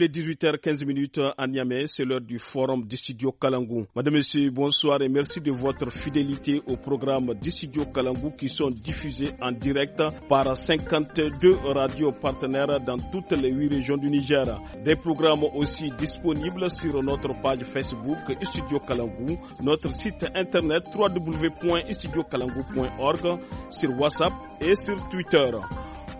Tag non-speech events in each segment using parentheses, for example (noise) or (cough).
Il est 18h15 à Niamey, c'est l'heure du forum Studio Kalangou. Madame, Monsieur, bonsoir et merci de votre fidélité au programme Studio Kalangou qui sont diffusés en direct par 52 radios partenaires dans toutes les 8 régions du Niger. Des programmes aussi disponibles sur notre page Facebook Studio Kalangou, notre site internet www.studiokalangou.org, sur WhatsApp et sur Twitter.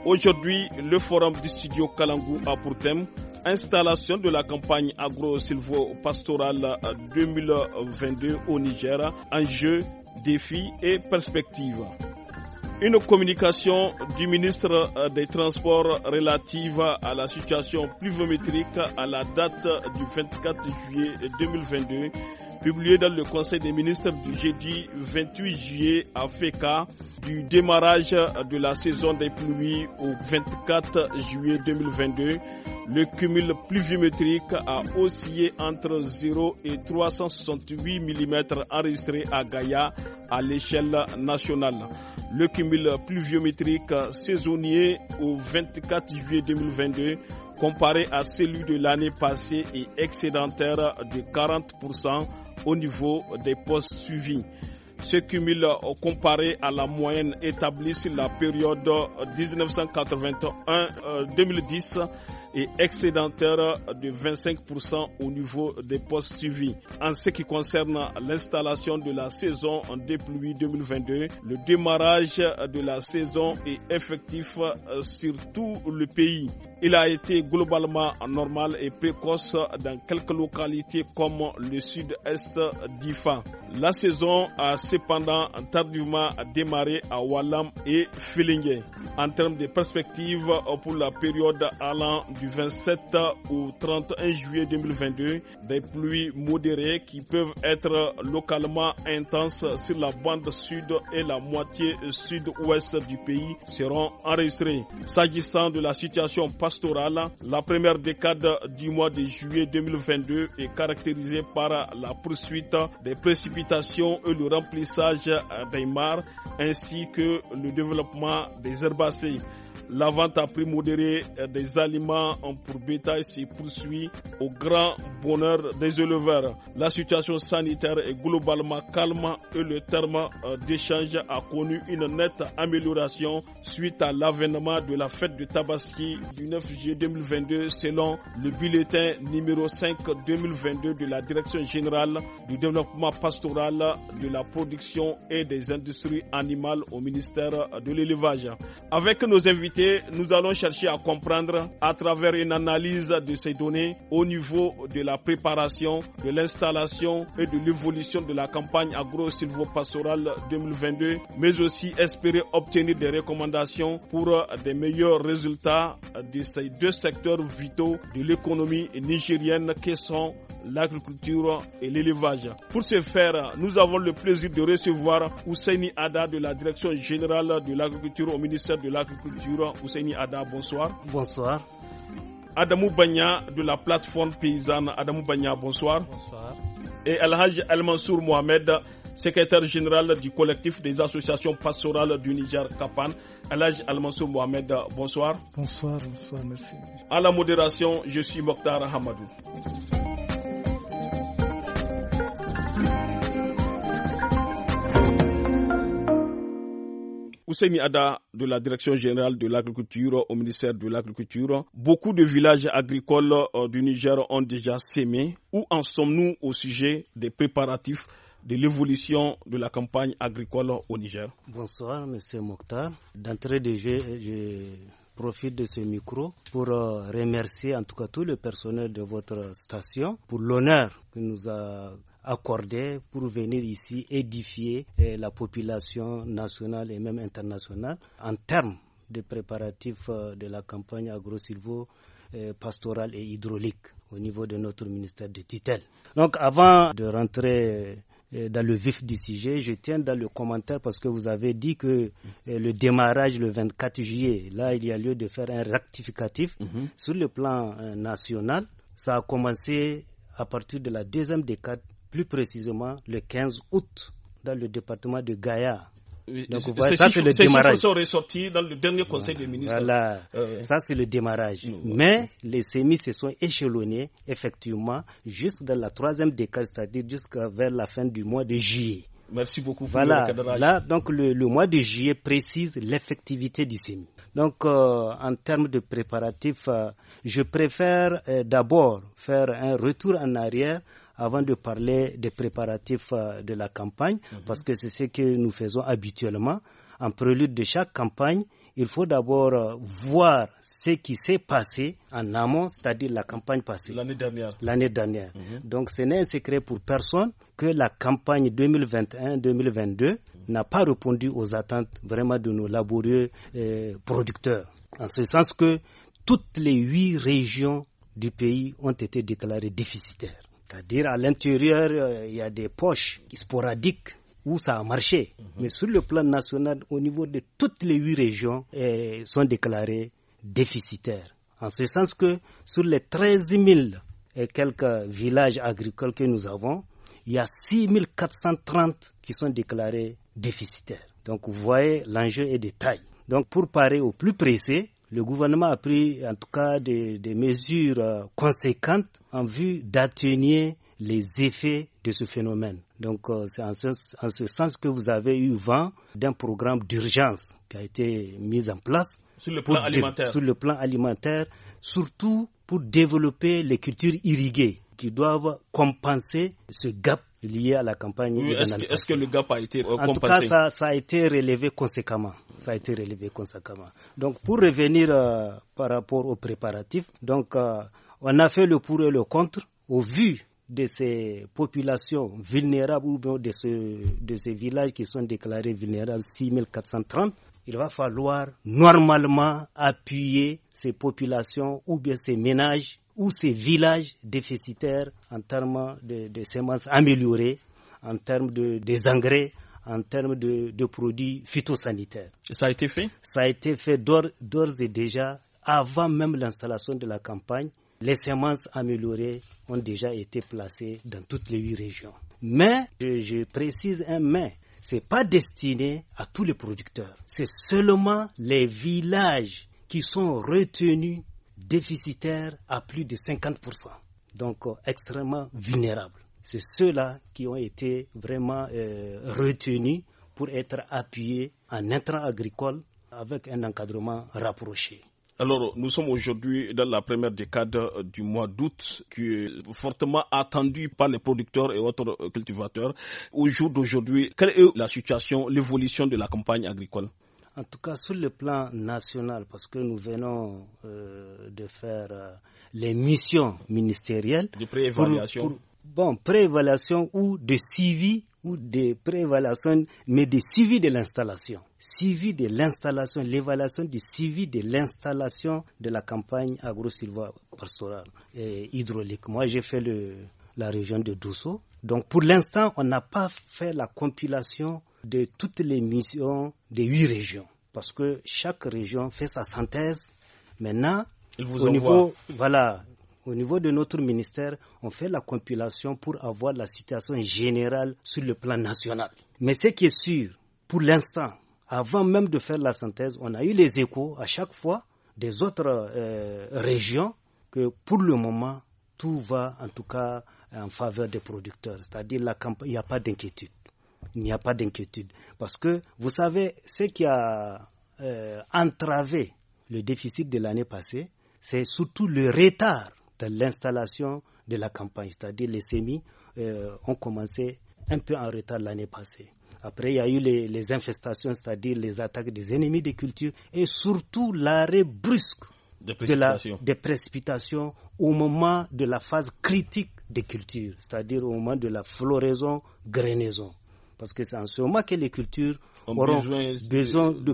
Aujourd'hui, le forum du studio Kalangou a pour thème installation de la campagne agro-silvo-pastorale 2022 au Niger, enjeux, défis et perspectives. Une communication du ministre euh, des Transports relative à la situation pluviométrique à la date du 24 juillet 2022 publié dans le Conseil des ministres du jeudi 28 juillet à FECA du démarrage de la saison des pluies au 24 juillet 2022, le cumul pluviométrique a oscillé entre 0 et 368 mm enregistré à Gaïa à l'échelle nationale. Le cumul pluviométrique saisonnier au 24 juillet 2022 comparé à celui de l'année passée et excédentaire de 40% au niveau des postes suivis. Ce cumul euh, comparé à la moyenne établie sur la période 1981-2010 euh, et excédentaire de 25% au niveau des postes suivis. En ce qui concerne l'installation de la saison en pluies 2022, le démarrage de la saison est effectif euh, sur tout le pays. Il a été globalement normal et précoce dans quelques localités comme le sud-est d'Ifa. La saison a cependant tardivement démarré à Wallam et Filingue. En termes de perspectives euh, pour la période allant du 27 au 31 juillet 2022, des pluies modérées qui peuvent être localement intenses sur la bande sud et la moitié sud-ouest du pays seront enregistrées. S'agissant de la situation pastorale, la première décade du mois de juillet 2022 est caractérisée par la poursuite des précipitations et le remplissage des mares ainsi que le développement des herbacées. La vente à prix modéré des aliments pour bétail s'y poursuit au grand bonheur des éleveurs. La situation sanitaire est globalement calme et le terme d'échange a connu une nette amélioration suite à l'avènement de la fête de Tabaski du 9 juillet 2022 selon le bulletin numéro 5 2022 de la Direction générale du développement pastoral de la production et des industries animales au ministère de l'élevage. Avec nos invités, nous allons chercher à comprendre à travers une analyse de ces données au niveau de la préparation, de l'installation et de l'évolution de la campagne agro-silvopastorale 2022, mais aussi espérer obtenir des recommandations pour euh, des meilleurs résultats de ces deux secteurs vitaux de l'économie nigérienne que sont l'agriculture et l'élevage. Pour ce faire, nous avons le plaisir de recevoir Ousseini Ada de la Direction générale de l'agriculture au ministère de l'Agriculture Ousseini Ada, bonsoir. Bonsoir. Adamou Banya de la plateforme paysanne Adamou Banya, bonsoir. Bonsoir. Et Haj Al-Mansour Mohamed, secrétaire général du collectif des associations pastorales du Niger Kapan, Haj Al-Mansour Mohamed, bonsoir. Bonsoir, bonsoir, merci. À la modération, je suis Mokhtar Hamadou. Ousemi Ada de la Direction générale de l'agriculture au ministère de l'Agriculture, beaucoup de villages agricoles euh, du Niger ont déjà sémé. Où en sommes-nous au sujet des préparatifs de l'évolution de la campagne agricole au Niger Bonsoir, Monsieur Mokhtar. D'entrée de jeu, je profite de ce micro pour euh, remercier en tout cas tout le personnel de votre station pour l'honneur que nous a accordé pour venir ici édifier eh, la population nationale et même internationale en termes de préparatifs euh, de la campagne agro-silvo eh, pastorale et hydraulique au niveau de notre ministère de tutelle. Donc avant de rentrer eh, dans le vif du sujet. Je tiens dans le commentaire parce que vous avez dit que le démarrage le 24 juillet, là, il y a lieu de faire un rectificatif. Mhm. Sur le plan euh, national, ça a commencé à partir de la deuxième décade plus précisément le 15 août, dans le département de Gaïa. Donc, vous voyez, ça, c'est le démarrage. sont dans le dernier conseil des ministres. Voilà, euh. ça, c'est le démarrage. Mais les semis se sont échelonnés, effectivement, jusqu'à la troisième décade, c'est-à-dire jusqu'à vers la fin du mois de juillet. Merci beaucoup. voilà. Là, donc le, mois de juillet précise l'effectivité du semis. Donc, euh, en termes de préparatifs, euh, je préfère d'abord faire un retour en arrière avant de parler des préparatifs euh, de la campagne, mhm. parce que c'est ce que nous faisons habituellement. En prélude de chaque campagne, il faut d'abord euh, voir ce qui s'est passé en amont, c'est-à-dire la campagne passée. L'année dernière. L'année dernière. Mhm. Donc ce n'est un secret pour personne que la campagne 2021-2022 mhm. n'a pas répondu aux attentes vraiment de nos laborieux euh, producteurs. En ce sens que toutes les huit régions du pays ont été déclarées déficitaires. C'est-à-dire à, l'intérieur, euh, il y a des poches sporadiques où ça a marché. Mhm. Mais sur le plan national, au niveau de toutes les huit régions, elles eh, sont déclarées déficitaires. En ce sens que sur les 13 000 et quelques villages agricoles que nous avons, il y a 6 430 qui sont déclarés déficitaires. Donc vous voyez, l'enjeu est de taille. Donc pour parer au plus pressé, le gouvernement a pris en tout cas des, mesures euh, conséquentes en vue d'atténuer les effets de ce phénomène. Donc euh, c'est en ce, sens que vous avez eu vent d'un programme d'urgence qui a été mis en place sur le, plan alimentaire. sur le plan alimentaire, surtout pour développer les cultures irriguées qui doivent compenser ce gap lié à la campagne. Oui, est-ce que, le gap a été euh, En tout cas, ça, a été relevé conséquemment. Ça a été relevé conséquemment. Donc, pour revenir euh, par rapport aux préparatifs, donc euh, on a fait le pour et le contre au vu de ces populations vulnérables ou de, ce, de ces villages qui sont déclarés vulnérables, 6430. Il va falloir normalement appuyer ces populations ou bien ces ménages ou ces villages déficitaires en termes de, de semences améliorées, en termes de, des engrais, en termes de, produits phytosanitaires. Ça a été fait Ça a été fait d'ores et déjà, avant même l'installation de la campagne. Les semences améliorées ont déjà été placées dans toutes les huit régions. Mais, je, je précise un mais, c'est pas destiné à tous les producteurs. C'est seulement les villages qui sont retenus déficitaires à plus de 50%, donc euh, extrêmement vulnérables. C'est ceux-là qui ont été vraiment euh, retenus pour être appuyés en intra agricole avec un encadrement rapproché. Alors, nous sommes aujourd'hui dans la première décade euh, du mois d'août, qui est fortement attendue par les producteurs et autres cultivateurs. Au jour d'aujourd'hui, quelle est la situation, l'évolution de la campagne agricole en tout cas sur le plan national, parce que nous venons euh, de faire euh, les missions ministérielles. De préévaluation. bon, préévaluation ou de suivi ou de préévaluation, mais de suivi de l'installation. Suivi de l'installation, l'évaluation du suivi de l'installation de la campagne agro-silvo-pastorale et hydraulique. Moi, j'ai fait le, la région de Douceau. Donc, pour l'instant, on n'a pas fait la compilation de toutes les missions des huit régions, parce que chaque région fait sa synthèse. Maintenant, au niveau, voilà, au niveau de notre ministère, on fait la compilation pour avoir la situation générale sur le plan national. Mais ce qui est sûr, pour l'instant, avant même de faire la synthèse, on a eu les échos à chaque fois des autres euh, régions que pour le moment, tout va en tout cas en faveur des producteurs. C'est-à-dire qu'il n'y a pas d'inquiétude il n'y a pas d'inquiétude. Parce que, vous savez, ce qui a euh, entravé le déficit de l'année passée, c'est surtout le retard de l'installation de la campagne. C'est-à-dire les semis euh, ont commencé un peu en retard l'année passée. Après, il y a eu les, infestations, c'est-à-dire les attaques des ennemis des cultures et surtout l'arrêt brusque des précipitations. des précipitations au moment de la phase critique des cultures, c'est-à-dire au moment de la floraison-grenaison. Parce que c'est en ce moment que les cultures ont auront besoin, de,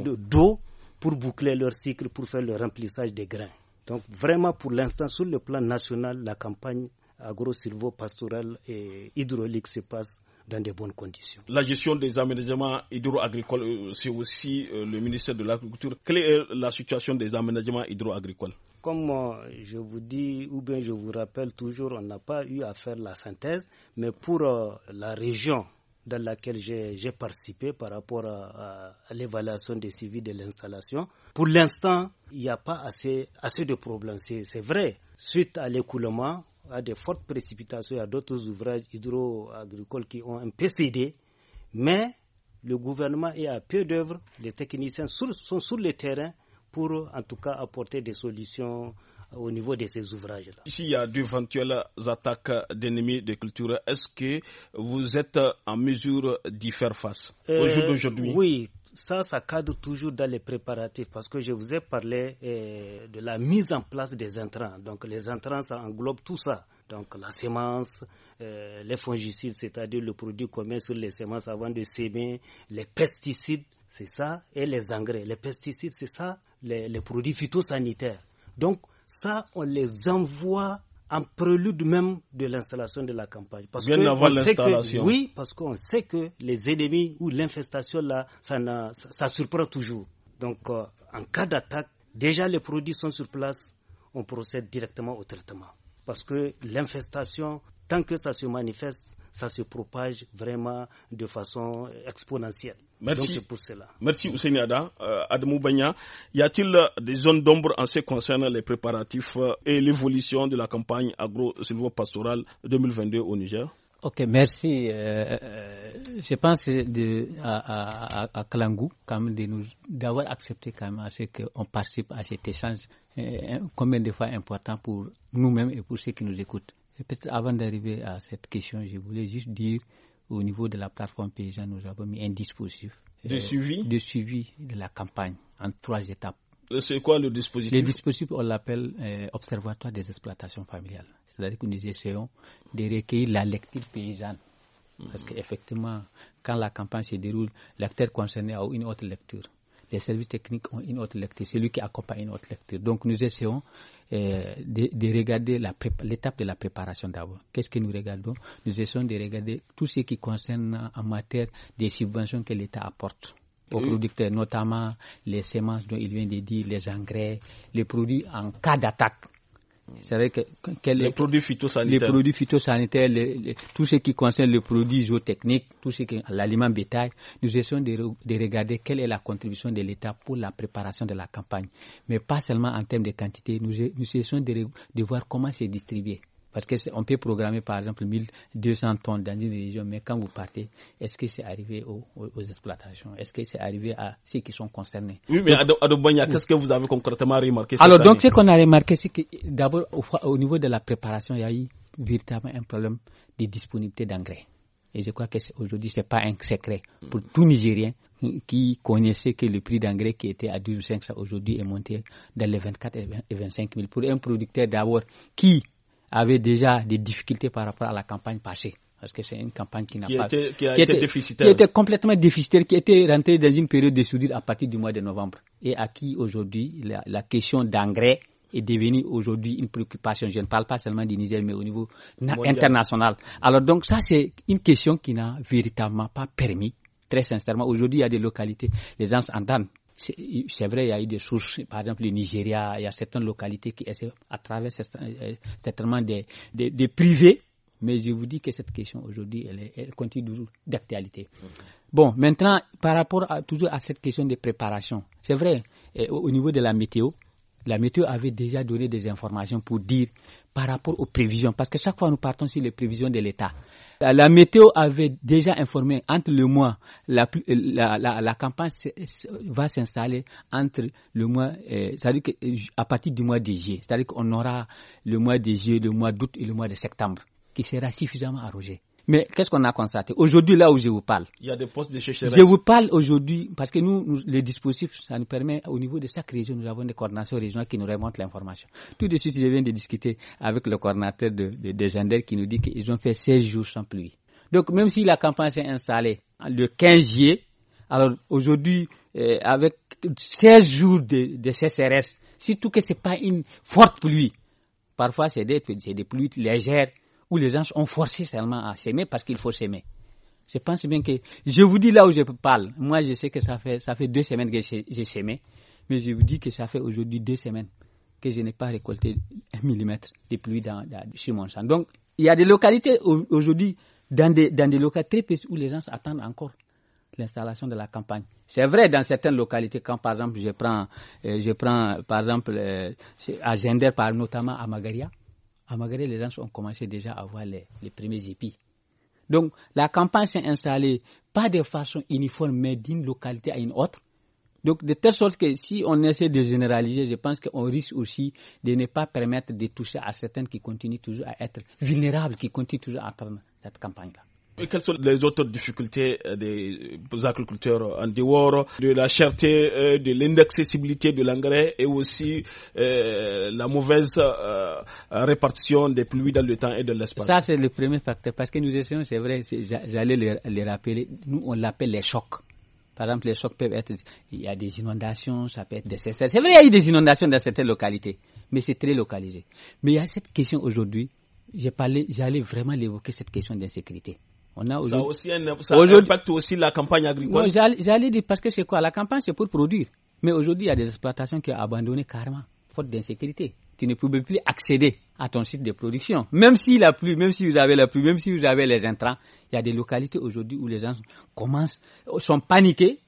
plus d'eau pour boucler leur cycle, pour faire le remplissage des grains. Donc vraiment, pour l'instant, sur le plan national, la campagne agro pastorale et hydraulique se passe dans de bonnes conditions. La gestion des aménagements hydro-agricoles, euh, c'est aussi euh, le ministère de l'Agriculture. Quelle est euh, la situation des aménagements hydro-agricoles Comme je vous dis, ou bien je vous rappelle toujours, on n'a pas eu à faire la synthèse, mais pour la région dans laquelle j'ai participé par rapport à, l'évaluation des suivis de l'installation. Pour l'instant, il n'y a pas assez, assez de problèmes, c'est vrai. Suite à l'écoulement, à de fortes précipitations, à d'autres ouvrages hydro-agricoles qui ont un PCD, mais le gouvernement est à peu d'œuvre, les techniciens sont sur le terrain pour en tout cas apporter des solutions au niveau de ces ouvrages-là. S'il y a d'éventuelles attaques d'ennemis de culture, est-ce que vous êtes en mesure d'y faire face aujourd'hui au euh, jour d'aujourd'hui Oui, ça, ça cadre toujours dans les préparatifs parce que je vous ai parlé euh, de la mise en place des intrants. Donc, les entrants, ça englobe tout ça. Donc, la semence, euh, les fongicides, c'est-à-dire le produit qu'on met sur les semences avant de s'aimer, les pesticides, c'est ça, et les engrais. Les pesticides, c'est ça, les, les produits phytosanitaires. Donc, ça, on les envoie en prélude même de l'installation de la campagne. Parce Bien que avant l'installation. Oui, parce qu'on sait que les ennemis ou l'infestation, là, ça, surprend toujours. Donc, euh, en cas d'attaque, déjà les produits sont sur place, on procède directement au traitement. Parce que l'infestation, tant que ça se manifeste, ça se propage vraiment de façon exponentielle. Merci. pour cela. Merci Ousseini Ada. Euh, Admou y a-t-il euh, des zones d'ombre en ce qui concerne les préparatifs euh, et l'évolution de la campagne agro pastorale 2022 au Niger Ok, merci. Euh, je pense de, à, à, à Kalangou, quand d'avoir accepté quand même à ce qu'on participe à cet échange, combien de fois important pour nous-mêmes et pour ceux qui nous écoutent. peut-être avant d'arriver à cette question, je voulais juste dire au niveau de la plateforme paysanne, nous avons mis un dispositif euh, de, suivi. de suivi de la campagne en trois étapes. Euh, c'est quoi le dispositif Le dispositif, on l'appelle euh, Observatoire des exploitations familiales. C'est-à-dire que nous essayons de recueillir la lecture paysanne. Parce mhm. qu'effectivement, quand la campagne se déroule, l'acteur concerné a une autre lecture les services techniques ont une autre lecture, c'est lui qui accompagne une autre lecture. Donc nous essayons euh, de, de, regarder l'étape de la préparation d'abord. Qu'est-ce que nous regardons Nous essayons de regarder tout ce qui concerne en matière des subventions que l'État apporte aux mm. producteurs, notamment les semences dont il vient de dire, les engrais, les produits en cas d'attaque c'est vrai les, produits phytosanitaires. les tout ce qui concerne les produits zootechniques, tout ce qui est l'aliment bétail, nous essayons de, regarder quelle est la contribution de l'État pour la préparation de la campagne. Mais pas seulement en termes de quantité, nous, nous essayons de voir comment c'est distribué. Parce qu'on peut programmer par exemple 1200 tonnes dans une région, mais quand vous partez, est-ce que c'est arrivé aux, exploitations Est-ce que c'est arrivé à ceux qui sont concernés Oui, mais Adobanya, qu'est-ce que vous avez concrètement remarqué Alors, donc ce qu'on a remarqué, c'est que d'abord, au, niveau de la préparation, il y a eu véritablement un problème de disponibilité d'engrais. Et je crois qu'aujourd'hui, ce n'est pas un secret pour tout Nigérien qui connaissait que le prix d'engrais qui était à 500 aujourd'hui est monté dans les 24 et 25 000. Pour un producteur d'abord qui avait déjà des difficultés par rapport à la campagne passée parce que c'est une campagne qui n'a pas qui a été, déficitaire. qui était complètement déficitaire, qui était rentrée dans une période de soudure à partir du mois de novembre et à qui aujourd'hui la, question d'engrais est devenue aujourd'hui une préoccupation. Je ne parle pas seulement du Niger, mais au niveau international. Alors donc ça c'est une question qui n'a véritablement pas permis. Très sincèrement, aujourd'hui, il y a des localités, les gens s'entendent c'est vrai, il y a eu des sources, par exemple le Nigeria, il y a certaines localités qui essaient à travers euh, certainement des, des, privés, mais je vous dis que cette question aujourd'hui, elle, continue toujours d'actualité. Bon, maintenant, par rapport toujours à cette question de préparation, c'est vrai, au niveau de la météo, la météo avait déjà donné des informations pour dire par rapport aux prévisions, parce que chaque fois nous partons sur les prévisions de l'État. La météo avait déjà informé entre le mois, la, euh, la, la, campagne va s'installer entre le mois, euh, c'est-à-dire euh, à partir du mois de juillet, c'est-à-dire qu'on aura le mois de juillet, le mois d'août et le mois de septembre, qui sera suffisamment arrogé. Mais qu'est-ce qu'on a constaté Aujourd'hui, là où je vous parle. Il y a des postes de chercheurs. Je vous parle aujourd'hui parce que nous, les dispositifs, ça nous permet, au niveau de chaque région, nous avons des coordinations régionales qui nous remontent l'information. Tout de suite, je viens de discuter avec le coordinateur de, de, de qui nous dit qu'ils ont fait 16 jours sans pluie. Donc, même si la campagne s'est installée le 15 juillet, alors aujourd'hui, euh, avec 16 jours de, de sécheresse, surtout que ce n'est pas une forte pluie, parfois c'est des, des pluies légères, où les gens ont forcé seulement à s'aimer parce qu'il faut s'aimer. Je pense bien que je vous dis là où je parle. Moi, je sais que ça fait, ça fait deux semaines que j'ai s'aimé, mais je vous dis que ça fait aujourd'hui deux semaines que je n'ai pas récolté un millimètre de pluie dans, sur mon champ. Donc, il y a des localités aujourd'hui, dans des, dans des localités où les gens attendent encore l'installation de la campagne. C'est vrai dans certaines localités, quand par exemple je prends, euh, je prends par exemple euh, à par, notamment à Magaria, à les gens ont commencé déjà à avoir les, premiers épis. Donc, la campagne s'est installée pas de façon uniforme, mais d'une localité à une autre. Donc, de telle sorte que si on essaie de généraliser, je pense qu'on risque aussi de ne pas permettre de toucher à certaines qui continuent toujours à être vulnérables, qui continuent toujours à prendre cette campagne-là quelles sont les autres difficultés euh, des agriculteurs en dehors de la cherté, euh, de l'inaccessibilité de l'engrais et aussi euh, la mauvaise répartition des pluies dans le temps et dans l'espace Ça, c'est le premier facteur. Parce que nous essayons, c'est vrai, j'allais les, rappeler, nous, on l'appelle les chocs. Par exemple, les chocs peuvent être, il y a des inondations, ça peut être des C'est vrai, il y a eu des inondations dans certaines localités, mais c'est très localisé. Mais il y a cette question aujourd'hui, j'ai parlé, j'allais vraiment l'évoquer, cette question d'insécurité. On a ça aussi impacte aussi la campagne agricole. J'allais dire parce que c'est quoi La campagne, c'est pour produire. Mais aujourd'hui, il y a des exploitations qui ont abandonné carrément, faute d'insécurité. Tu ne peux plus accéder à ton site de production. Même si a plu, même si vous avez la pluie, même si vous avez les intrants, il y a des localités aujourd'hui où les gens commencent, sont paniqués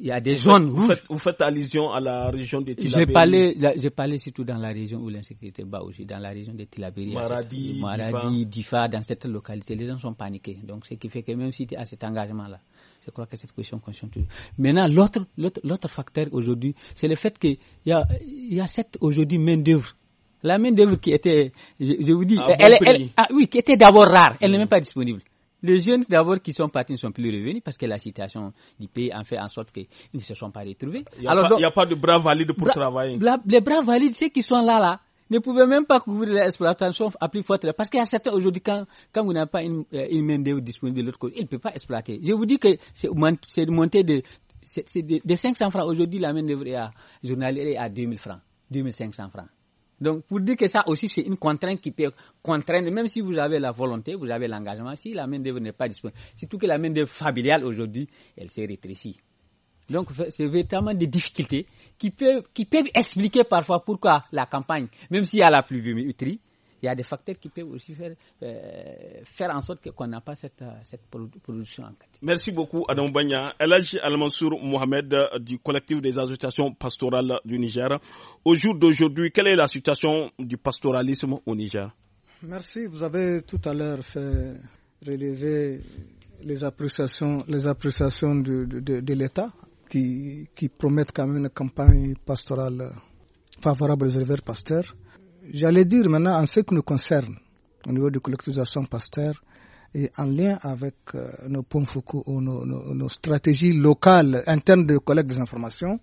il y a des zones. où... vous, faites, allusion à la région de Tilaberi. J'ai parlé, parlé surtout dans la région où l'insécurité bat aussi, dans la région de Tilaberi. Maradi, Maradi Difa. dans cette localité, les gens sont paniqués. Donc, ce qui fait que même si tu as cet engagement-là, je crois que cette question concerne toujours. Maintenant, l'autre, l'autre, facteur aujourd'hui, c'est le fait qu'il y a, il y a cette aujourd'hui main d'œuvre. La main d'œuvre qui était, je, vous dis, elle, ah oui, qui était d'abord rare, elle n'est mm. même pas disponible. Les jeunes d'abord qui sont partis ne sont plus revenus parce que la situation du pays a fait en sorte qu'ils ne se sont pas retrouvés. Il n'y a, pas de bras valides pour travailler. les bras valides, ceux qui sont là, là, ne pouvaient même pas couvrir l'exploitation à plus forte. Parce qu'il y a certains aujourd'hui, quand, quand vous n'avez pas une, euh, main-d'œuvre disponible de l'autre côté, ils ne peuvent pas exploiter. Je vous dis que c'est monté de, de, 500 francs. Aujourd'hui, la main-d'œuvre est à, journalière est à 2000 francs, 2500 francs. Donc, pour dire que ça aussi, c'est une contrainte qui peut contraindre, même si vous avez la volonté, vous avez l'engagement, si la main-d'œuvre n'est pas disponible, surtout que la main-d'œuvre familiale aujourd'hui, elle s'est rétrécie. Donc, c'est véritablement des difficultés qui peuvent, expliquer parfois pourquoi la campagne, même s'il y a la pluviométrie, il y a des facteurs qui peuvent aussi faire, euh, faire en sorte qu'on n'a pas cette, euh, cette production en quantité. Merci beaucoup, Adam Bagna. Al Mansour Mohamed euh, du collectif des associations pastorales du Niger. Au jour d'aujourd'hui, quelle est la situation du pastoralisme au Niger Merci. Vous avez tout à l'heure fait relever les appréciations, les appréciations de, l'État qui, qui promettent quand même une campagne pastorale favorable aux éleveurs pasteurs j'allais dire maintenant en ce qui nous concerne, au niveau de collectivisation pasteur, et en lien avec euh, nos ponts ou nos, stratégies locales internes de collecte des informations,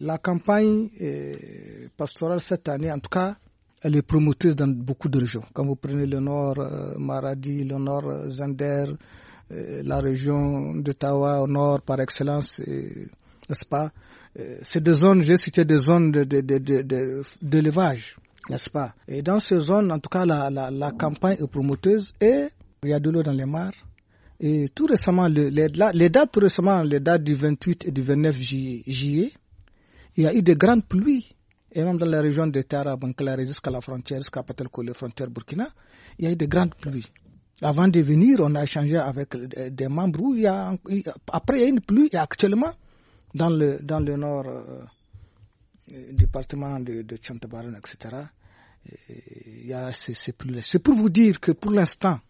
la campagne euh, pastorale cette année, en tout cas, elle est promotrice dans beaucoup de régions. Quand vous prenez le nord euh, Maradi, le nord la région d'Ottawa au nord par excellence, n'est-ce pas C'est des zones, j'ai cité des zones d'élevage. De, de, n'est-ce pas Et dans ces zones, en tout cas, la, la, campagne est promoteuse et il y a de l'eau dans les mares. Et tout récemment, les, dates récemment, les dates du 28 et du 29 juillet, il y a eu de grandes pluies. Et même dans la région de Tara, jusqu'à la frontière, jusqu'à la frontière Burkina, il y a eu de grandes pluies. Avant de venir, on a échangé avec euh, des membres où il y a, après il y a une pluie, actuellement, dans le, dans le nord du euh, euh, département de, de Chantabaran, etc., c'est plus. C'est pour vous dire que pour l'instant,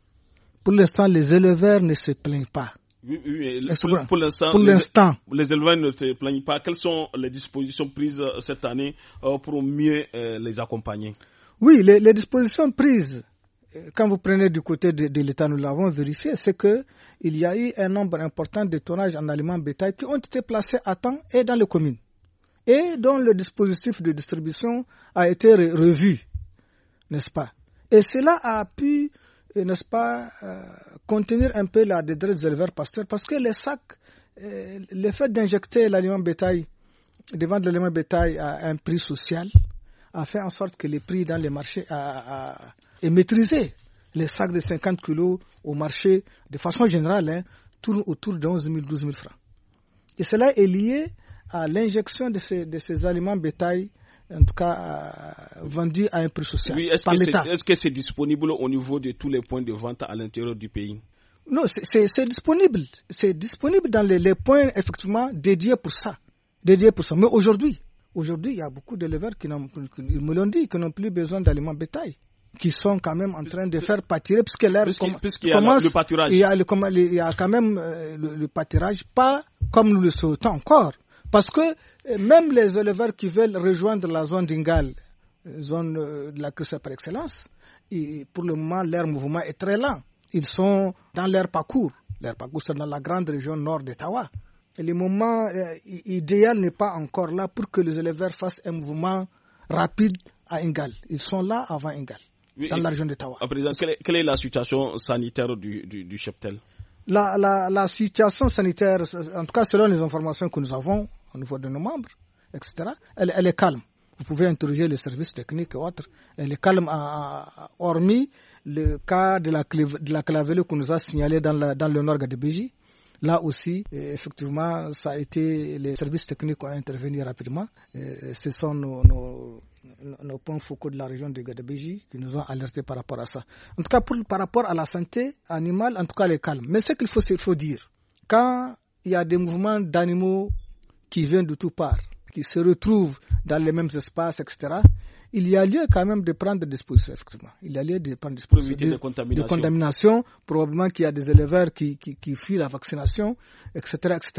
pour l'instant, les éleveurs ne se plaignent pas. Oui, oui, pour, pour l'instant, les, éleveurs ne se plaignent pas. Quelles sont les dispositions prises euh, cette année euh, pour mieux euh, les accompagner Oui, les, dispositions prises, quand vous prenez du côté de, de l'État, nous l'avons vérifié, c'est que il y a eu un nombre important de tonnages en aliments bétail qui ont été placés à temps et dans les communes, et dont le dispositif de distribution a été revu n'est-ce pas Et cela a pu, euh, n'est-ce pas, euh, contenir un peu la dédresse des éleveurs pasteurs parce que les sacs, euh, le fait d'injecter l'aliment bétail, de vendre l'aliment bétail à un prix social, a fait en sorte que les prix dans les marchés a, maîtrisé. Les sacs de 50 kilos au marché, de façon générale, hein, autour de 11 000, 12 000 francs. Et cela est lié à l'injection de ces, de ces aliments bétail en tout cas euh, vendu à un prix social est par l'État. Est-ce que c'est disponible au niveau de tous les points de vente à l'intérieur du pays Non, c'est disponible. C'est disponible dans les, points effectivement dédiés pour ça. Dédiés pour ça. Mais aujourd'hui, aujourd'hui, il y a beaucoup d'éleveurs qui, ils me l'ont dit, qui n'ont plus besoin d'aliments bétail qui sont quand même en train de faire pâturer puisque l'air commence, le pâturage. Il y a, le, il y a quand même euh, le, le pâturage, pas comme nous le souhaitons encore. Parce que même les éleveurs qui veulent rejoindre la zone d'Ingal, euh, zone euh, de la crise par excellence, et pour le moment, leur mouvement est très lent. Ils sont dans leur parcours. Leur parcours, c'est dans la grande région nord Et Le moment euh, idéal n'est pas encore là pour que les éleveurs fassent un mouvement rapide à Ingal. Ils sont là avant Ingal, dans la région d'Ottawa. quelle est, la situation sanitaire du, cheptel la, situation sanitaire, en tout cas selon les informations que nous avons, au niveau de nos membres, etc., elle, est calme. Vous pouvez interroger les services techniques et autres. Elle est calme, hormis le cas de la, de qu'on nous a signalé dans, le nord de Béji. Là aussi, effectivement, ça a été les services techniques ont intervenu rapidement. ce sont nos, points focaux de la région de Gadebéji qui nous ont alertés par rapport à ça. En tout cas, pour, par rapport à la santé animale, en tout cas, elle est calme. Mais ce qu'il faut dire, quand il y a des mouvements d'animaux qui vient de tout part, qui se retrouvent dans les mêmes espaces, etc., il y a lieu quand même de prendre des dispositions, effectivement. Il y a lieu de prendre des dispositions. De, de, contamination. Probablement qu'il y a des éleveurs qui, qui, fuient la vaccination, etc., etc.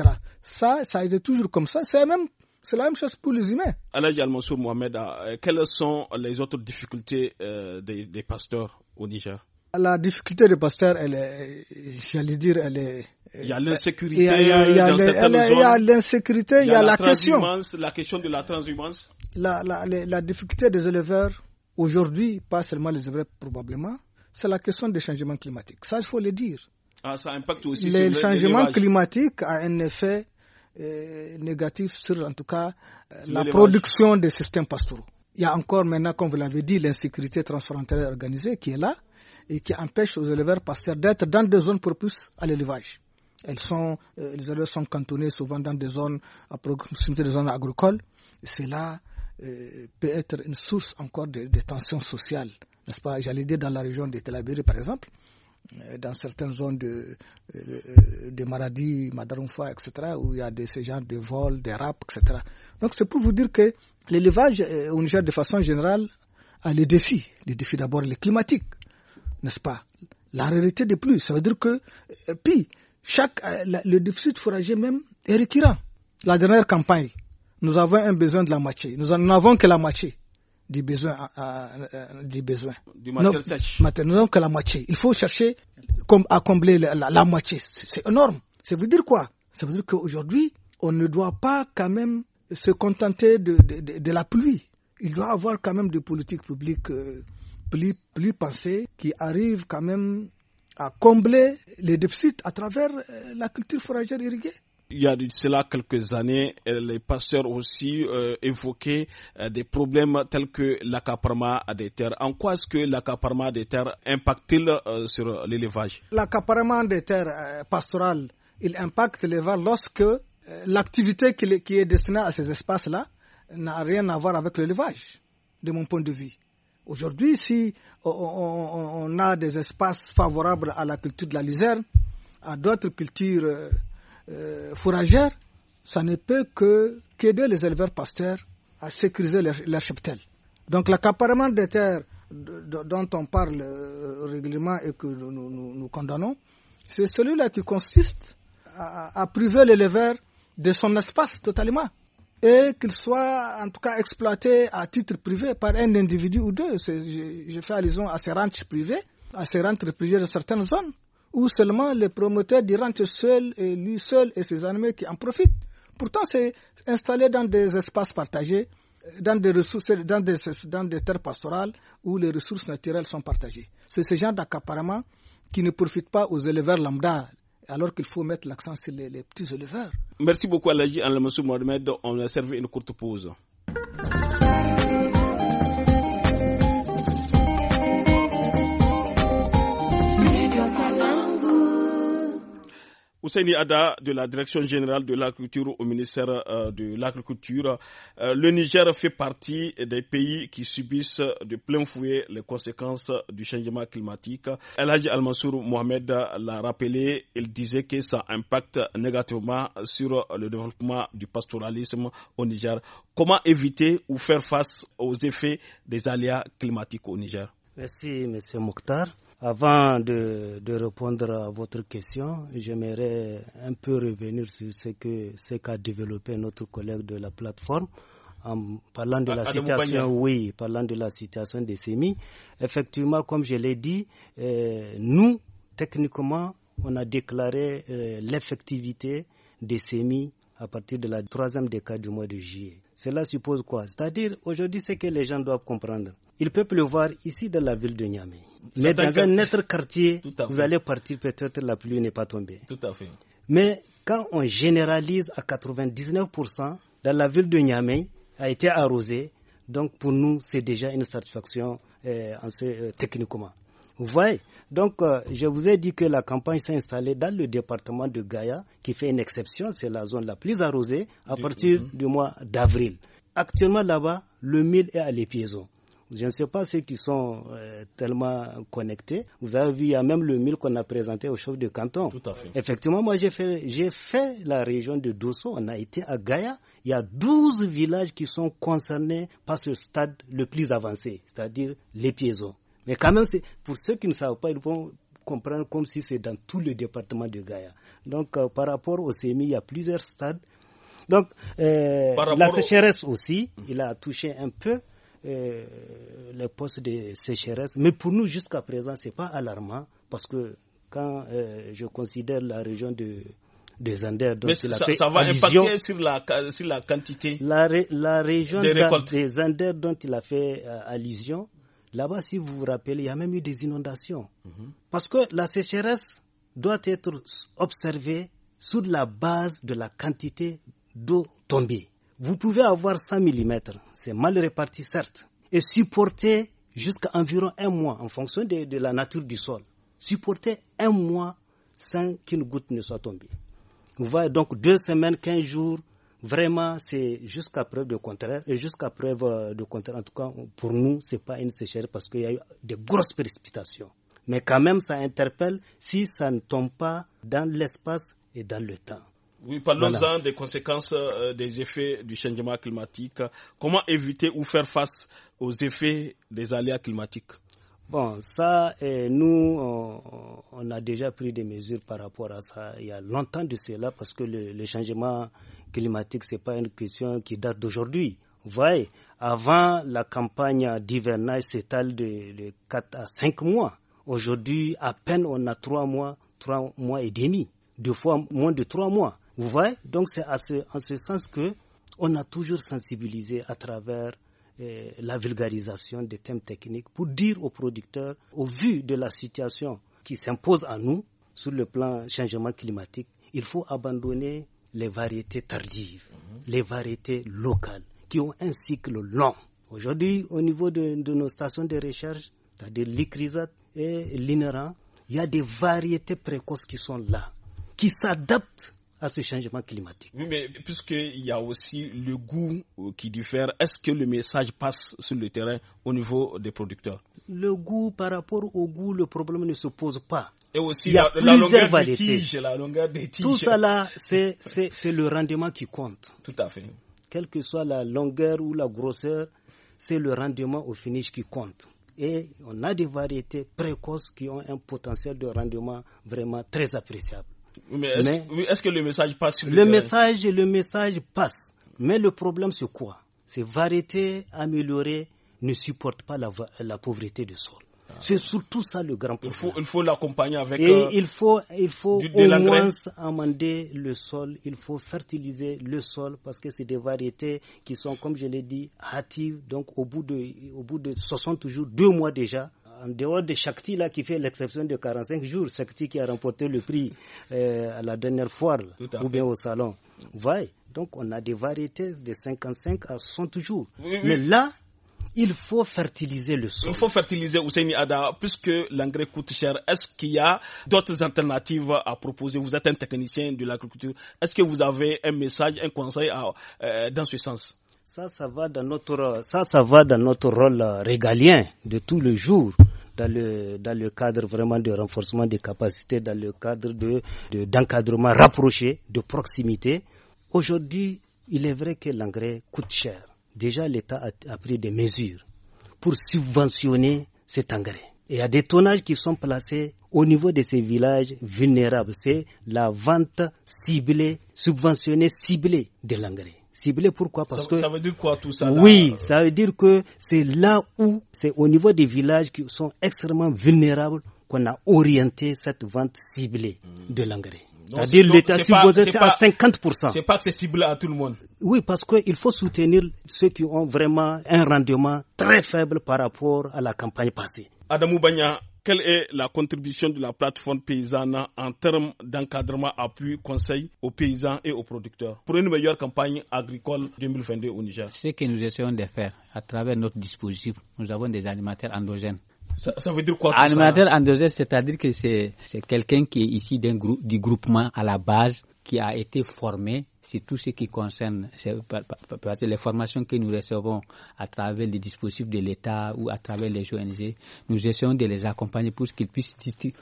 Ça, ça a été toujours comme ça. C'est même, c'est la même chose pour les humains. Aladji Al-Mansour Mohamed, euh, quelles sont les autres difficultés euh, des pasteurs au Niger la difficulté des Pasteur, elle est, j'allais dire, elle est. Il y a euh, l'insécurité. Il y a l'insécurité, il, il y a la, question. La question de la transhumance. La, la, la difficulté des éleveurs aujourd'hui, pas seulement les éleveurs probablement, c'est la question des changements climatiques. Ça, il faut le dire. Ah, ça impacte aussi le changement climatique a un effet euh, négatif sur, en tout cas, euh, la production des systèmes pastoraux. Il y a encore maintenant, comme vous l'avez dit, l'insécurité transfrontalière organisée qui est là et qui empêche aux éleveurs pasteurs d'être dans des zones propices à l'élevage. Elles sont, euh, les éleveurs sont cantonnés souvent dans des zones à proximité des zones agricoles. Cela euh, peut être une source encore de, tensions sociales, n'est-ce pas J'allais dire dans la région de Telabiri, par exemple, euh, dans certaines zones de, de Maradi, Madarumfa, etc., où il y a de, ce genre de vols, des rapes, etc. Donc c'est pour vous dire que l'élevage au Niger, de façon générale, a les défis. Les défis d'abord les climatiques n'est-ce pas La réalité des pluies, ça veut dire que, euh, puis, chaque, euh, le déficit forager même est récurrent. La dernière campagne, nous avons un besoin de la moitié. Nous n'avons avons que la moitié du besoin. Euh, du besoin. matériel sèche. Nous n'avons que la moitié. Il faut chercher à combler la, moitié. C'est énorme. Ça veut dire quoi Ça veut dire qu'aujourd'hui, on ne doit pas quand même se contenter de, la pluie. Il doit avoir quand même des politiques publiques plus, plus qui arrive quand même à combler les déficits à travers euh, la culture foragère irriguée il y a de cela quelques années, euh, les pasteurs aussi évoqué euh, évoquaient des problèmes tels que l'accaparement des terres. En quoi est-ce que l'accaparement des terres impacte-t-il sur l'élevage L'accaparement des terres pastorales, il impacte l'élevage lorsque l'activité qui, est destinée à ces espaces-là n'a rien à voir avec l'élevage, de mon point de vue. Aujourd'hui, si on, a des espaces favorables à la culture de la luzerne, à d'autres cultures euh, euh, fourragères, ça ne peut que qu'aider les éleveurs pasteurs à sécuriser leurs leur cheptel. Donc l'accaparement des terres dont on parle euh, régulièrement et que nous, condamnons, c'est celui-là qui consiste à priver l'éleveur de son espace totalement et qu'il soit en tout cas exploité à titre privé par un individu ou deux. Je, fais allusion à ces rentes privées, à ces rentes privées de certaines zones, où seulement les promoteurs des rentes seul et lui seul et ses animaux qui en profitent. Pourtant, c'est installé dans des espaces partagés, dans des ressources, dans des, dans des terres pastorales où les ressources naturelles sont partagées. C'est ce genre d'accaparement qui ne profite pas aux éleveurs lambda, alors qu'il faut mettre l'accent sur les, petits éleveurs. Merci beaucoup en le monsieur Mohamed. On a servi une courte pause. Ousseini Ada de la Direction générale de l'agriculture au ministère euh, de l'Agriculture, euh, le Niger fait partie des pays qui subissent de plein fouet les conséquences du changement climatique. El Hadji Al-Mansour Mohamed l'a rappelé, il disait que ça impacte négativement sur le développement du pastoralisme au Niger. Comment éviter ou faire face aux effets des aléas climatiques au Niger Merci, Monsieur Mokhtar. Avant de, répondre à votre question, j'aimerais un peu revenir sur ce que ce qu'a développé notre collègue de la plateforme en parlant de ah, la situation, parlant de la situation des SEMI. Effectivement, comme je l'ai dit, euh, nous techniquement, on a déclaré euh, l'effectivité des SEMI à partir de la troisième décade du mois de juillet. Cela suppose quoi C'est-à-dire aujourd'hui, ce que les gens doivent comprendre. Il peut pleuvoir ici dans la ville de Niamey. Mais dans un autre quartier, (laughs) vous allez partir, peut-être la pluie n'est pas tombée. Tout à fait. Mais quand on généralise à 99%, dans la ville de Niamey, a été arrosée. Donc pour nous, c'est déjà une satisfaction euh, en ce, euh, techniquement. Vous voyez Donc euh, je vous ai dit que la campagne s'est installée dans le département de Gaïa, qui fait une exception, c'est la zone la plus arrosée, à partir mhm. du mois d'avril. Actuellement là-bas, le mille est à l'épiaison. Je ne sais pas ceux qui sont euh, tellement connectés. Vous avez vu, il y a même le mille qu'on a présenté au chef de canton. Tout à fait. Effectivement, moi, j'ai fait, la région de Dosso. On a été à Gaïa. Il y a 12 villages qui sont concernés par ce stade le plus avancé, c'est-à-dire les piézons. Mais quand même, pour ceux qui ne savent pas, ils vont comprendre comme si c'est dans tout le département de Gaïa. Donc, euh, par rapport au CMI, il y a plusieurs stades. Donc, euh, la sécheresse aussi, il a touché un peu. Euh, les postes de sécheresse. Mais pour nous, jusqu'à présent, ce n'est pas alarmant parce que quand euh, je considère la région de, des anders ça, ça, va impacter sur la, sur la quantité. La, la région des, anders dont il a fait euh, allusion, là-bas, si vous vous rappelez, il y a même eu des inondations. Mhm. Parce que la sécheresse doit être observée sur la base de la quantité d'eau tombée. Vous pouvez avoir 100 mm, c'est mal réparti certes, et supporter jusqu'à environ un mois en fonction de, la nature du sol. Supporter un mois sans qu'une goutte ne soit tombée. Vous voyez donc deux semaines, quinze jours, vraiment c'est jusqu'à preuve de contraire. Et jusqu'à preuve euh, de contraire, en tout cas pour nous, ce n'est pas une sécheresse parce qu'il y a eu de grosses précipitations. Mais quand même, ça interpelle si ça ne tombe pas dans l'espace et dans le temps. Oui, parlons-en des conséquences euh, des effets du changement climatique. Comment éviter ou faire face aux effets des aléas climatiques Bon, ça, eh, nous, on, a déjà pris des mesures par rapport à ça il y a longtemps de cela parce que le, changement climatique, ce n'est pas une question qui date d'aujourd'hui. Vous voyez, avant, la campagne d'hivernage s'étale de, de 4 à 5 mois. Aujourd'hui, à peine on a 3 mois, 3 mois et demi, deux fois moins de 3 mois. Vous voyez Donc c'est en ce sens que on a toujours sensibilisé à travers euh, la vulgarisation des thèmes techniques pour dire aux producteurs, au vu de la situation qui s'impose à nous sur le plan changement climatique, il faut abandonner les variétés tardives, mhm. les variétés locales qui ont un cycle long. Aujourd'hui, au niveau de, nos stations de recherche, c'est-à-dire l'ICRISAT et l'INERA, il y a des variétés précoces qui sont là, qui s'adaptent à ce changement climatique. Oui, mais puisqu'il y a aussi le goût euh, qui diffère, est-ce que le message passe sur le terrain au niveau des producteurs Le goût, par rapport au goût, le problème ne se pose pas. Et aussi il la, longueur Des la longueur des tiges. Tout cela, c'est le rendement qui compte. Tout à fait. Quelle que soit la longueur ou la grosseur, c'est le rendement au finish qui compte. Et on a des variétés précoces qui ont un potentiel de rendement vraiment très appréciable. Mais est-ce que le message passe le, message, passe. Mais le problème, c'est quoi Ces variétés améliorées ne supportent pas la, pauvreté du sol. Ah. C'est surtout ça le grand problème. Il faut, il faut l'accompagner avec. Et euh, il faut, il faut au moins amender le sol, il faut fertiliser le sol parce que c'est des variétés qui sont, comme je l'ai dit, hâtives. Donc, au bout de, au bout de 60 jours, deux mois déjà, en dehors de Shakti qui fait l'exception de 45 jours, Shakti qui a remporté le prix euh, à la dernière foire ou bien au salon. Donc on a des variétés de 55 à 60 jours. Mais là, il faut fertiliser le sol. Il faut fertiliser Ousseini Ada, puisque l'engrais coûte cher. Est-ce qu'il y a d'autres alternatives à proposer Vous êtes un technicien de l'agriculture. Est-ce que vous avez un message, un conseil euh, dans ce sens ça, ça va dans notre, ça, ça va dans notre rôle euh, régalien de tous les jours dans le, cadre vraiment de renforcement des capacités, dans le cadre d'encadrement de, de rapproché, de proximité. Aujourd'hui, il est vrai que l'engrais coûte cher. Déjà, l'État a, pris des mesures pour subventionner cet engrais. Et il y a des tonnages qui sont placés au niveau de ces villages vulnérables. C'est la vente ciblée, subventionnée, ciblée de l'engrais ciblé. Pourquoi Parce que ça veut dire quoi tout ça Oui, ça veut dire que c'est là où c'est au niveau des villages qui sont extrêmement vulnérables qu'on a orienté cette vente ciblée hmm. de l'engrais. C'est-à-dire l'État de c'est à 50%. C'est pas accessible à tout le monde. Oui, parce qu'il faut soutenir ceux qui ont vraiment un rendement très faible par rapport à la campagne passée. Adamou quelle est la contribution de la plateforme paysanne en termes d'encadrement, appui, conseil aux paysans et aux producteurs pour une meilleure campagne agricole 2022 au Niger Ce que nous essayons de faire à travers notre dispositif, nous avons des animateurs endogènes. Ça, veut dire quoi Animateur endogène, c'est-à-dire que c'est quelqu'un qui est ici du groupement à la base, qui a été formé c'est tout ce qui concerne les formations que nous recevons à travers les dispositifs de l'État ou à travers les ONG. Nous essayons de les accompagner pour qu'ils puissent,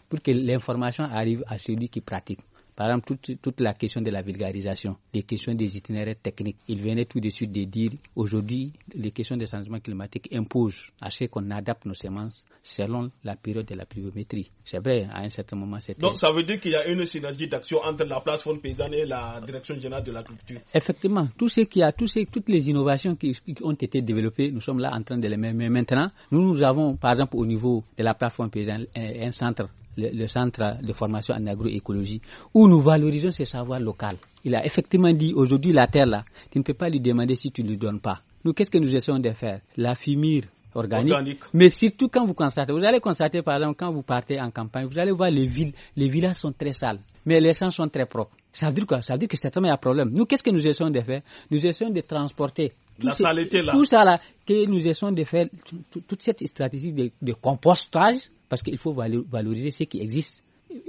pour que l'information arrive à celui qui pratique. Par exemple, toute, toute la question de la vulgarisation, des questions des itinéraires techniques. Il venait tout de suite de dire aujourd'hui, les questions des changements climatiques imposent à ce qu'on adapte nos semences selon la période de la pluviométrie. C'est vrai, à un certain moment, c'était. Donc, ça veut dire qu'il y a une synergie d'action entre la plateforme paysanne et la direction générale de l'agriculture. Effectivement, tout ce qui a, toutes les innovations qui, ont été développées, nous sommes là en train de les mettre. Mais maintenant, nous, nous avons, par exemple, au niveau de la plateforme paysanne, un, centre le, le, centre de formation en agroécologie, où nous valorisons ces savoirs local. Il a effectivement dit aujourd'hui la terre là, tu ne peux pas lui demander si tu ne lui donnes pas. Nous, qu'est-ce que nous essayons de faire La fumir organique. Mais surtout quand vous constatez, vous allez constater par exemple quand vous partez en campagne, vous allez voir les villes, les villages sont très sales, mais les champs sont très propres. Ça veut dire quoi Ça veut dire que certainement il y a un problème. Nous, qu'est-ce que nous essayons de faire Nous essayons de transporter la saleté là. Tout ça là, que nous essayons de faire toute cette stratégie de compostage, parce qu'il faut valoriser ce qui existe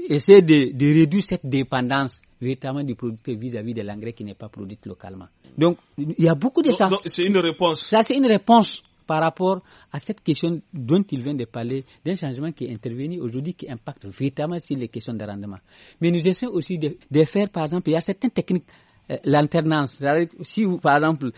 essayer de, de, réduire cette dépendance véritablement du producteur vis-à-vis de l'engrais qui n'est pas produit localement. Donc, il y a beaucoup de C'est une réponse. Ça, c'est une réponse par rapport à cette question dont il vient de parler, d'un changement qui est intervenu aujourd'hui qui impacte véritablement sur les questions de rendement. Mais nous essayons aussi de, faire, par exemple, il y a certaines techniques euh, l'alternance. Si vous, par exemple,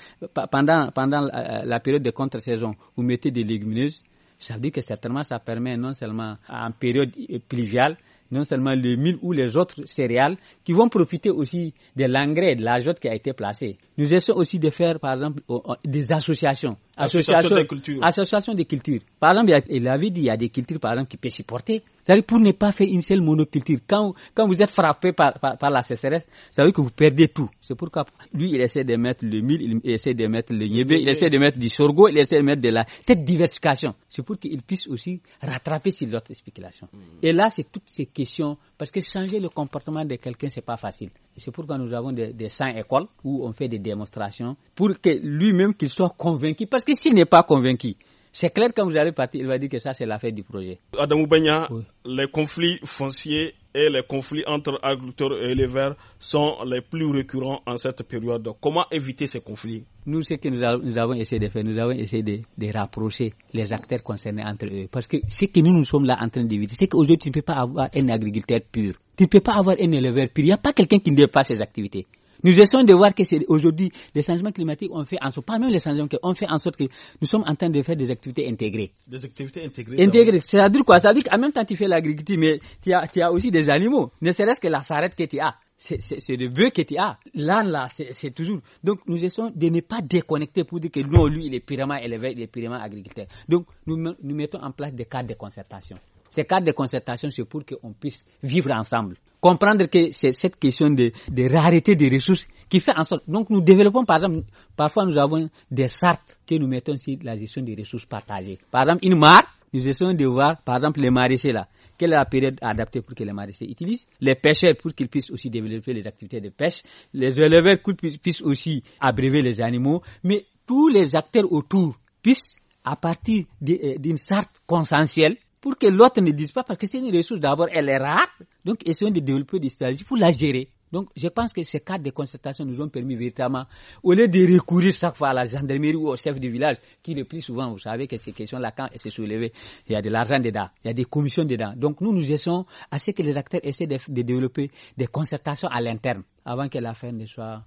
pendant, pendant euh, euh, la période de contre-saison, vous mettez des légumineuses, ça veut dire que certainement ça permet non seulement en période pluviale, non seulement le mil ou les autres céréales, qui vont profiter aussi de l'engrais, de l'azote qui a été placé. Nous essayons aussi de faire, par exemple, des associations. Associations, de des cultures. Associations des cultures. Par exemple, il, avait dit, qu'il y a des cultures, par exemple, qui peuvent supporter c'est-à-dire pour ne pas faire une seule monoculture. Quand, quand vous êtes frappé par, par, la sécheresse, ça veut dire que vous perdez tout. C'est pourquoi lui, il essaie de mettre le mil, il essaie de mettre le nyebé, il essaie de mettre du sorgho, il essaie de mettre de la... Cette diversification, c'est pour qu'il puisse aussi rattraper sur d'autres spéculations. Mm. Et là, c'est toutes ces questions, parce que changer le comportement de quelqu'un, c'est pas facile. C'est pourquoi nous avons des, des 100 écoles où on fait des démonstrations pour que lui-même qu'il soit convaincu, parce que s'il n'est pas convaincu, c'est clair, quand vous allez partir, il va dire que ça, c'est l'affaire du projet. Adam Oubénia, les conflits fonciers et les conflits entre agriculteurs et éleveurs sont les plus récurrents en cette période. Comment éviter ces conflits Nous, ce que nous, avons essayé de faire, nous avons essayé de, rapprocher les acteurs concernés entre eux. Parce que ce que nous, nous sommes là en train d'éviter, c'est qu'aujourd'hui, tu ne peux pas avoir un agriculteur pur. Tu ne peux pas avoir un éleveur pur. Il n'y a pas quelqu'un qui ne fait pas ses activités. Nous essayons de voir que aujourd'hui les changements climatiques ont fait en sorte, pas même les changements on fait en sorte que nous sommes en train de faire des activités intégrées. Des activités intégrées. Intégrées. C'est-à-dire quoi C'est-à-dire qu'en même temps tu fais l'agriculture, mais tu as, aussi des animaux. Ne serait-ce que la sarrette que tu as c'est le bœuf que tu as. L'âne, là, c'est toujours. Donc, nous essayons de ne pas déconnecter pour dire que nous, lui, il est purement élevé, il est purement agriculteur. Donc, nous, nous mettons en place des cadres de concertation. Ces cadres de concertation, c'est pour qu'on puisse vivre ensemble comprendre que c'est cette question de, de rareté des ressources qui fait en sorte. Donc nous développons, par exemple, parfois nous avons des chartes que nous mettons sur la gestion des ressources partagées. Par exemple, une mare, nous essayons de voir, par exemple, les maraîchers là. Quelle est la période adaptée pour que les maraîchers utilisent Les pêcheurs pour qu'ils puissent aussi développer les activités de pêche. Les éleveurs pour qu'ils puissent aussi abréver les animaux. Mais tous les acteurs autour puissent, à partir euh, d'une charte consensuelle, pour que l'autre ne dise pas, parce que c'est une ressource d'abord, elle est rare, donc essayons de développer des stratégies pour la gérer. Donc, je pense que ces cadres de concertation nous ont permis véritablement, au lieu de recourir chaque fois à la gendarmerie ou au chef du village, qui le plus souvent, vous savez que ces questions-là, quand elles se soulevées, il y a de l'argent dedans, il y a des commissions dedans. Donc, nous, nous essayons à ce que les acteurs essaient de, développer des concertations à l'interne, avant que l'affaire ne soit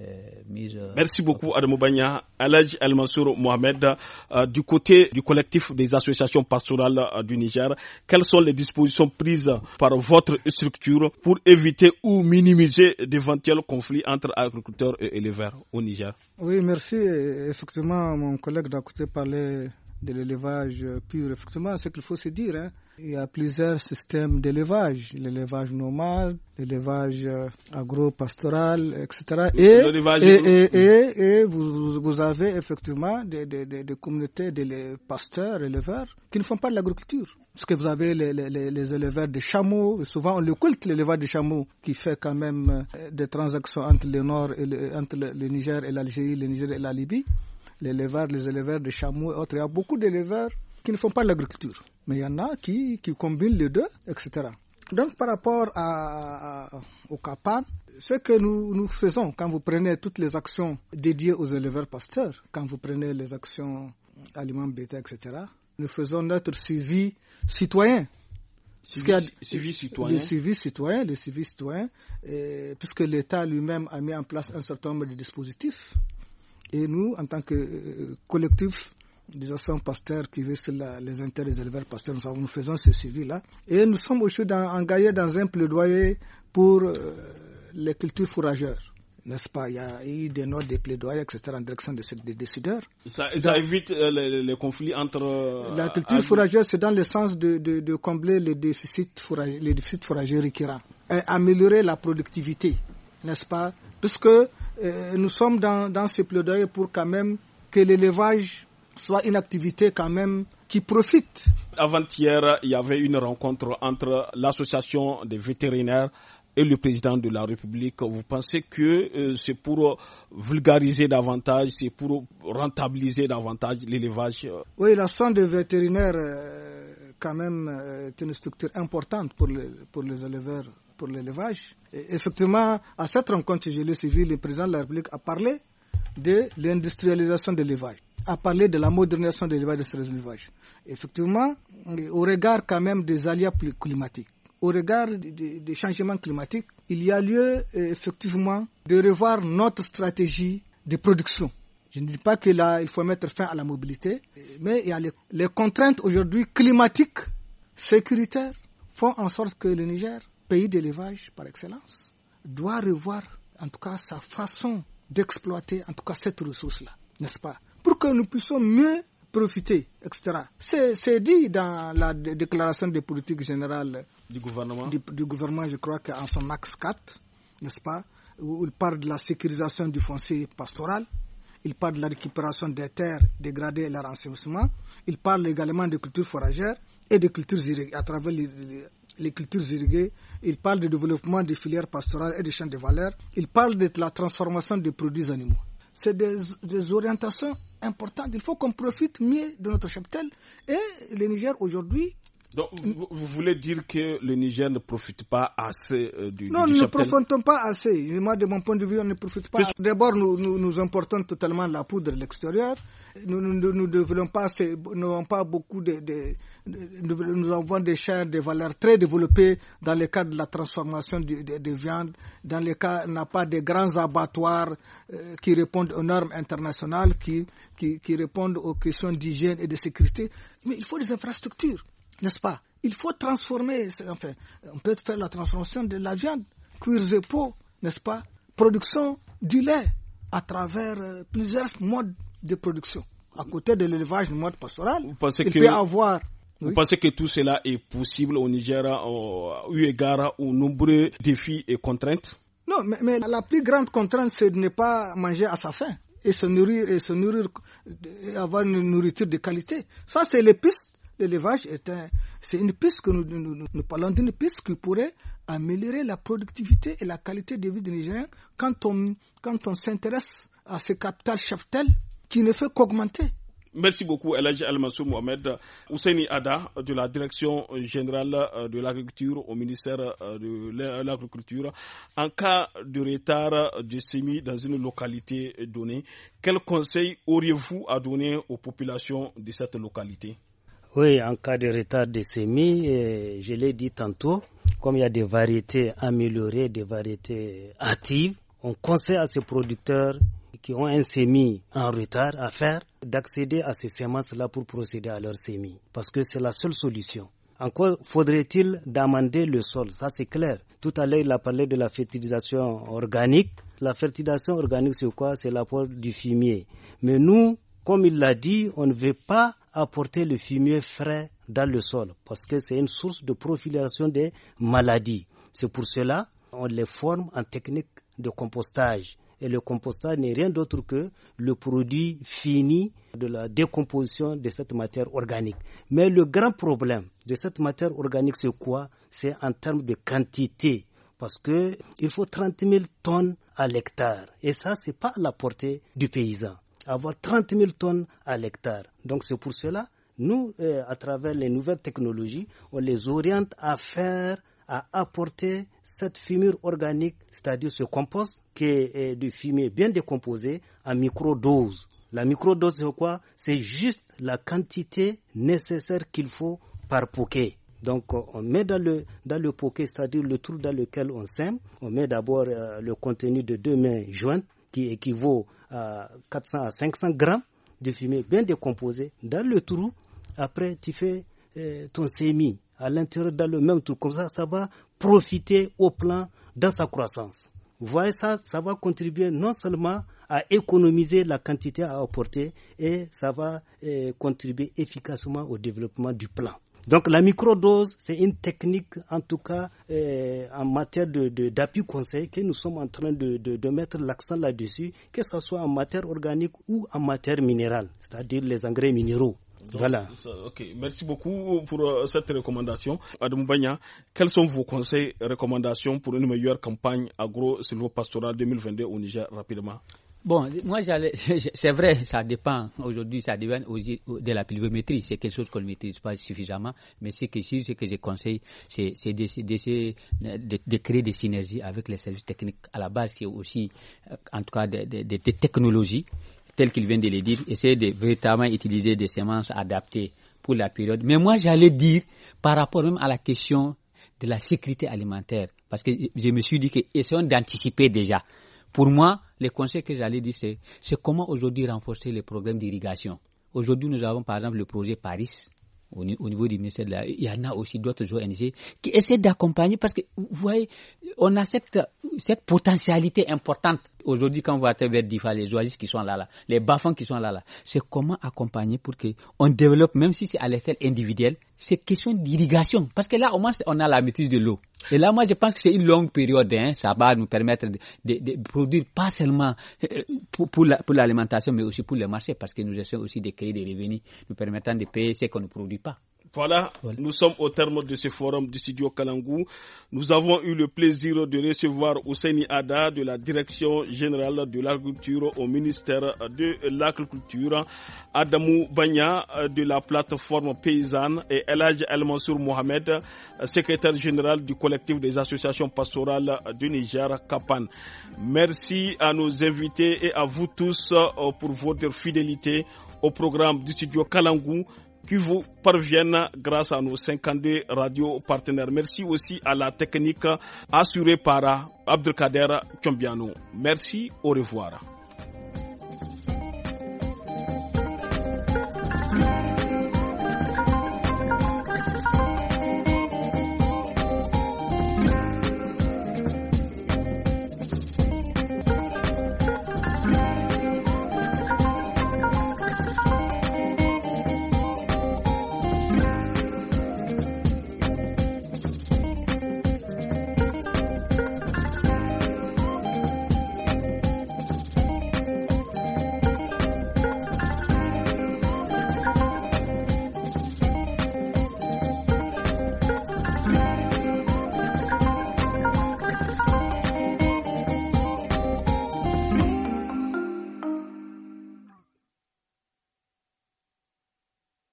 euh, euh, merci beaucoup, Adamou Bagna. Alaj Mansour Mohamed, euh, du côté du collectif des associations pastorales du Niger, quelles sont les dispositions prises par votre structure pour éviter ou minimiser d'éventuels conflits entre agriculteurs et éleveurs au Niger Oui, merci. Effectivement, mon collègue d'un côté parlait de l'élevage pur. Effectivement, c'est qu'il faut se dire. Hein. Il y a plusieurs systèmes d'élevage, l'élevage normal, l'élevage euh, agro-pastoral, etc. Et, et, et, vous, vous avez effectivement des, des, des communautés de pasteurs, éleveurs, qui ne font pas de l'agriculture. Parce que vous avez les, les, les éleveurs de chameaux, souvent on le culte l'éleveur de chameaux, qui fait quand même euh, des transactions entre le nord et entre le Niger et l'Algérie, le Niger et la Libye. Les éleveurs, les éleveurs de chameaux et autres. Il y a beaucoup d'éleveurs qui ne font pas l'agriculture. Mais il y en a qui, qui combinent les deux, etc. Donc, par rapport à, au CAPAN, ce que nous, nous faisons quand vous prenez toutes les actions dédiées aux éleveurs pasteurs, quand vous prenez les actions aliments bêtés, etc., nous faisons notre suivi citoyen. Suivi, suivi citoyen. Le suivi citoyen, le suivi citoyen, puisque l'État lui-même a mis en place un certain nombre de dispositifs. Et nous, en tant que euh, collectif des actions pasteurs qui visent les intérêts des éleveurs pasteurs. Nous, nous, faisons ce suivi-là. Et nous sommes aussi engagés dans un plaidoyer pour euh, les cultures fourragères. N'est-ce pas Il y a eu des notes, des plaidoyers, etc., en direction des, des décideurs. Ça, évite euh, les, conflits entre. Euh, la culture fourragère, c'est dans le sens de, de, combler les déficits, fourragers, les et améliorer la productivité, n'est-ce pas Puisque nous sommes dans, dans ce plaidoyer pour quand même que l'élevage soit une activité quand même qui profite. Avant-hier, il y avait une rencontre entre l'association des vétérinaires et le président de la République. Vous pensez que euh, c'est pour vulgariser davantage, c'est pour rentabiliser davantage l'élevage euh? Oui, la des vétérinaires, euh, quand même, est une structure importante pour les, pour les éleveurs, pour l'élevage. Effectivement, à cette rencontre, je l'ai suivi, le président de la République a parlé de l'industrialisation de l'élevage, à parler de la modernisation de l'élevage de ces Effectivement, au regard quand même des aléas climatiques, au regard des, changements climatiques, il y a lieu euh, effectivement de revoir notre stratégie de production. Je ne dis pas que là, il faut mettre fin à la mobilité, mais il y a les contraintes aujourd'hui climatiques, sécuritaires, font en sorte que le Niger, pays d'élevage par excellence, doit revoir en tout cas sa façon d'exploiter en tout cas cette ressource-là, n'est-ce pas Pour que nous puissions mieux profiter, etc. C'est dit dans la déclaration des politiques générales du gouvernement. Du, gouvernement, je crois qu'en son axe 4, n'est-ce pas, où il parle de la sécurisation du foncier pastoral, il parle de la récupération des terres dégradées et leur ensemencement, il parle également des cultures foragères et des cultures à travers les, les cultures irriguées, il parle du développement des filières pastorales et des champs de valeur, il parle de la transformation des produits animaux. C'est des, orientations importantes. Il faut qu'on profite mieux de notre cheptel. Et le Niger aujourd'hui. Donc, vous, voulez dire que le Niger ne profite pas assez euh, du du Non, nous ne profitons pas assez. Moi, de mon point de vue, on ne profite pas. D'abord, nous, nous, importons totalement la poudre de l'extérieur. Nous, ne nous, développons pas, nous n'avons pas beaucoup de nous, avons des chaînes de valeurs très développées dans le cadre de la transformation de, de, viande. Dans le cas, n'a pas de grands abattoirs euh, qui répondent aux normes internationales, qui, qui, répondent aux questions d'hygiène et de sécurité. Mais il faut des infrastructures, n'est-ce pas Il faut transformer, enfin, on peut faire la transformation de la viande, cuir et peau, n'est-ce pas Production du lait à travers euh, plusieurs modes de production. À côté de l'élevage, mode pastoral, il que... peut avoir vous pensez que tout cela est possible au Niger en euh, eu égard aux nombreux défis et contraintes Non, mais, la plus grande contrainte, c'est de ne pas manger à sa faim et se nourrir et se nourrir, avoir une nourriture de qualité. Ça, c'est les pistes. L'élevage est c'est une piste que nous, parlons d'une piste qui pourrait améliorer la productivité et la qualité de vie du Niger quand on, quand on s'intéresse à ce capital cheptel qui ne fait qu'augmenter. Merci beaucoup, Al Mansour Mohamed Ousseini Ada, de la Direction générale euh, de l'agriculture au ministère euh, de l'Agriculture. En cas de retard de semis dans une localité donnée, quel conseil auriez-vous à donner aux populations de cette localité Oui, en cas de retard de semis, euh, je l'ai dit tantôt, comme il y a des variétés améliorées, des variétés actives, on conseille à ces producteurs qui ont un sémi en retard à faire, d'accéder à ces semences-là pour procéder à leur semis, Parce que c'est la seule solution. Encore faudrait-il d'amender le sol, ça c'est clair. Tout à l'heure, il a parlé de la fertilisation organique. La fertilisation organique, c'est quoi C'est l'apport du fumier. Mais nous, comme il l'a dit, on ne veut pas apporter le fumier frais dans le sol parce que c'est une source de profilation des maladies. C'est pour cela on les forme en technique de compostage. Et le compostage n'est rien d'autre que le produit fini de la décomposition de cette matière organique. Mais le grand problème de cette matière organique, c'est quoi C'est en termes de quantité. Parce qu'il faut 30 000 tonnes à l'hectare. Et ça, ce n'est pas à la portée du paysan. Avoir 30 000 tonnes à l'hectare. Donc c'est pour cela, nous, euh, à travers les nouvelles technologies, on les oriente à faire à apporter cette fumure organique, c'est-à-dire ce compost, que euh, de fumée bien décomposé en microdose. La microdose, c'est quoi C'est juste la quantité nécessaire qu'il faut par poquet. Donc, euh, on met dans le, dans le poquet, c'est-à-dire le trou dans lequel on sème, on met d'abord euh, le contenu de deux mains jointes qui équivaut à 400 à 500 grammes de fumée bien décomposée dans le trou. Après, tu fais ton sémi à l'intérieur dans le même trou. Comme ça, ça va profiter au plan dans sa croissance. Vous voyez ça, ça va contribuer non seulement à économiser la quantité à apporter, et ça va eh, contribuer efficacement au développement du plan. Donc la microdose, c'est une technique, en tout cas eh, en matière d'appui conseil, que nous sommes en train de, de mettre l'accent là-dessus, que ce soit en matière organique ou en matière minérale, c'est-à-dire les engrais minéraux voilà. Merci beaucoup pour euh, cette recommandation. Adam Banya, quels sont vos conseils, recommandations pour une meilleure campagne agro-silvopastorale 2022 au Niger rapidement Bon, moi, (laughs) c'est vrai, ça dépend. Aujourd'hui, ça dépend aussi de la pluviométrie. C'est quelque chose qu'on ne maîtrise pas suffisamment. Mais ce que, je conseille, c'est de, de, créer des synergies avec les services techniques à la base, qui est aussi, euh, en tout cas, des technologies tel qu'il vient de le dire, essayer de véritablement utiliser des semences adaptées pour la période. Mais moi, j'allais dire par rapport même à la question de la sécurité alimentaire, parce que je me suis dit que essayons d'anticiper déjà. Pour moi, le conseil que j'allais dire, c'est comment aujourd'hui renforcer les programmes d'irrigation. Aujourd'hui, nous avons par exemple le projet Paris, au, niveau du ministère de la... Il y en a aussi d'autres ONG qui essaient d'accompagner parce que, vous voyez, on a cette, cette potentialité importante aujourd'hui quand on va vers DIFA, les oasis qui sont là, là les bafons qui sont là, là. C'est comment accompagner pour qu'on développe, même si c'est à l'échelle individuelle, c'est question d'irrigation. Parce que là, au moins, on a la maîtrise de l'eau. Et là, moi, je pense que c'est une longue période. Hein. Ça va nous permettre de, produire pas seulement euh, pour, pour l'alimentation, mais aussi pour le marché, parce que nous essayons aussi de créer des revenus nous permettant de payer ce qu'on ne produit pas. Voilà, nous sommes au terme de ce forum du studio Kalangou. Nous avons eu le plaisir de recevoir Ouseni Ada de la Direction générale de l'agriculture au ministère de l'Agriculture, Adamou Banya de la plateforme paysanne et Elhaj El Mansour Mohamed, secrétaire général du collectif des associations pastorales du Niger, Kapan. Merci à nos invités et à vous tous euh, pour votre fidélité au programme du studio Kalangou qui vous parviennent grâce à nos 52 radios partenaires. Merci aussi à la technique assurée par Abdelkader Tchombiano. Merci, au revoir.